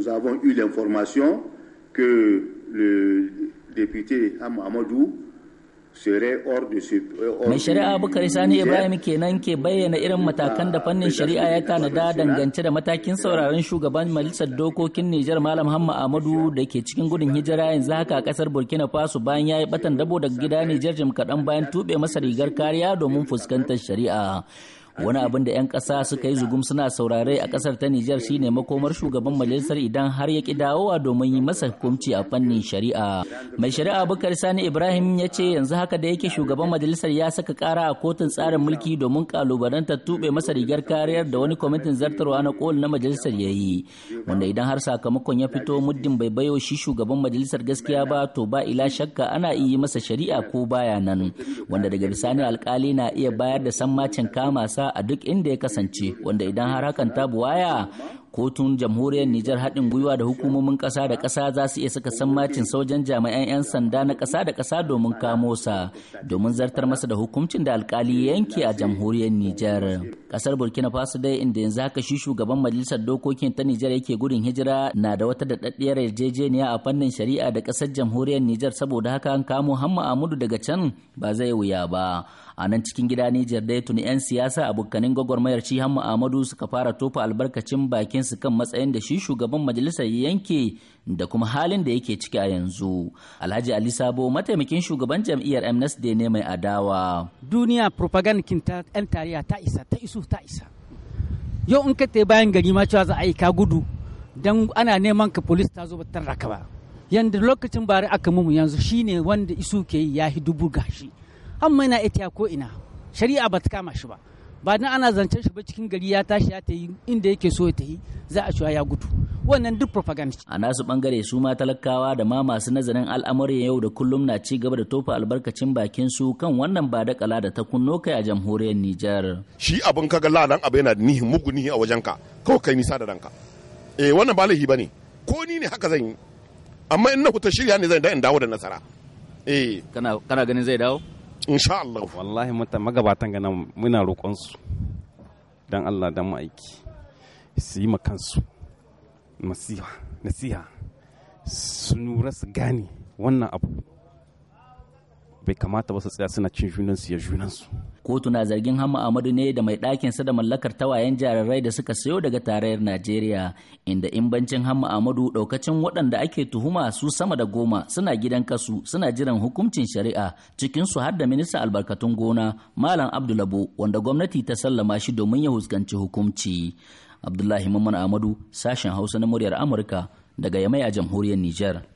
nous avons eu l'information que le député Amadou Mai shari'a Bukari Sani Ibrahim kenan ke bayyana irin matakan da fannin shari'a ya tanada dangance da matakin sauraron shugaban majalisar dokokin Nijar Malam Hamma Ahmadu da ke cikin gudun hijira yanzu haka a kasar Burkina Faso bayan ya yi batan dabo daga gida Nijar jim kaɗan bayan tuɓe masa rigar kariya domin fuskantar shari'a. wani abin da 'yan ƙasa suka yi zugum suna saurare a ƙasar ta Nijar shine makomar shugaban majalisar idan har ya ki dawowa domin yi masa hukunci a fannin shari'a. Mai shari'a Bukar Sani Ibrahim ya ce yanzu haka da yake shugaban majalisar ya saka ƙara a kotun tsarin mulki domin ta tuɓe masa rigar kariyar da wani kwamitin zartarwa na kol na majalisar ya yi. Wanda idan har sakamakon ya fito muddin bai bayo shi shugaban majalisar gaskiya ba to ba ila shakka ana iya masa shari'a ko baya nan. Wanda daga bisani alkali na iya bayar da sammacin kama sa ƙasa a duk inda ya kasance wanda idan har hakan ta buwaya kotun jamhuriyar Nijar haɗin gwiwa da hukumomin ƙasa da ƙasa za su iya saka sammacin sojan jami'an 'yan sanda na ƙasa da ƙasa domin kamo sa domin zartar masa da hukuncin da alkali yanke a jamhuriyar Nijar. Ƙasar Burkina Faso dai inda yanzu haka shi shugaban majalisar dokokin ta Nijar yake gudun hijira na da wata daɗaɗɗiyar yarjejeniya a fannin shari'a da ƙasar jamhuriyar Nijar saboda haka an kamo Hamma Ahmadu daga can ba zai wuya ba. a nan cikin gida Nijar dai tuni 'yan siyasa abokanin gwagwarmayar shi Hamma Amadu suka fara tofa albarkacin bakin bakinsu kan matsayin da shi shugaban majalisar yanke da kuma halin da yake ciki a yanzu alhaji ali sabo mataimakin shugaban jam'iyyar amnesty ne mai adawa duniya propaganda ta yan tarayya ta isa ta isu ta isa yau in ka ta bayan gari ma cewa za a yi ka gudu dan ana neman ka police ta zo ba tarra ka ba yanda lokacin bari aka mumu yanzu shine wanda isu ke yi ya dubu gashi amma ina ita ko ina shari'a bata kama shi ba ba dan ana zancen shi ba cikin gari ya tashi ya ta yi inda yake so ya ta yi za a cewa ya gudu wannan duk propaganda a nasu bangare su ma talakawa da ma masu nazarin al'amarin yau da kullum na ci gaba da tofa albarkacin bakin su kan wannan ba da kala da ta kunno kai a jamhuriyar Nijar shi abin kaga ladan abu yana da nihi mugu nihi a wajen ka kawai kai nisa da ranka eh wannan ba lahi bane ko ni ne haka zan yi amma in na fita shirya ne zan da in dawo da nasara eh kana kana ganin zai dawo insha Allah wallahi mata magabatan gana muna roƙon su dan Allah dan aiki su yi makansu nasiha su nura su gane wannan abu bai kamata ba su tsaya suna cin su ya su. Kotu na zargin Hamma Amadu ne da mai sa da mallakar tawayen jarirai da suka sayo daga tarayyar Najeriya inda in bancin Hamma Amadu ɗaukacin waɗanda ake tuhuma su sama da goma suna gidan kasu suna jiran hukuncin shari'a cikin su har da minista albarkatun gona Malam Abdulabo wanda gwamnati ta sallama shi domin ya huskanci hukunci. Abdullahi Mamman Amadu sashen Hausa na muryar Amurka daga Yamai a jamhuriyar Nijar.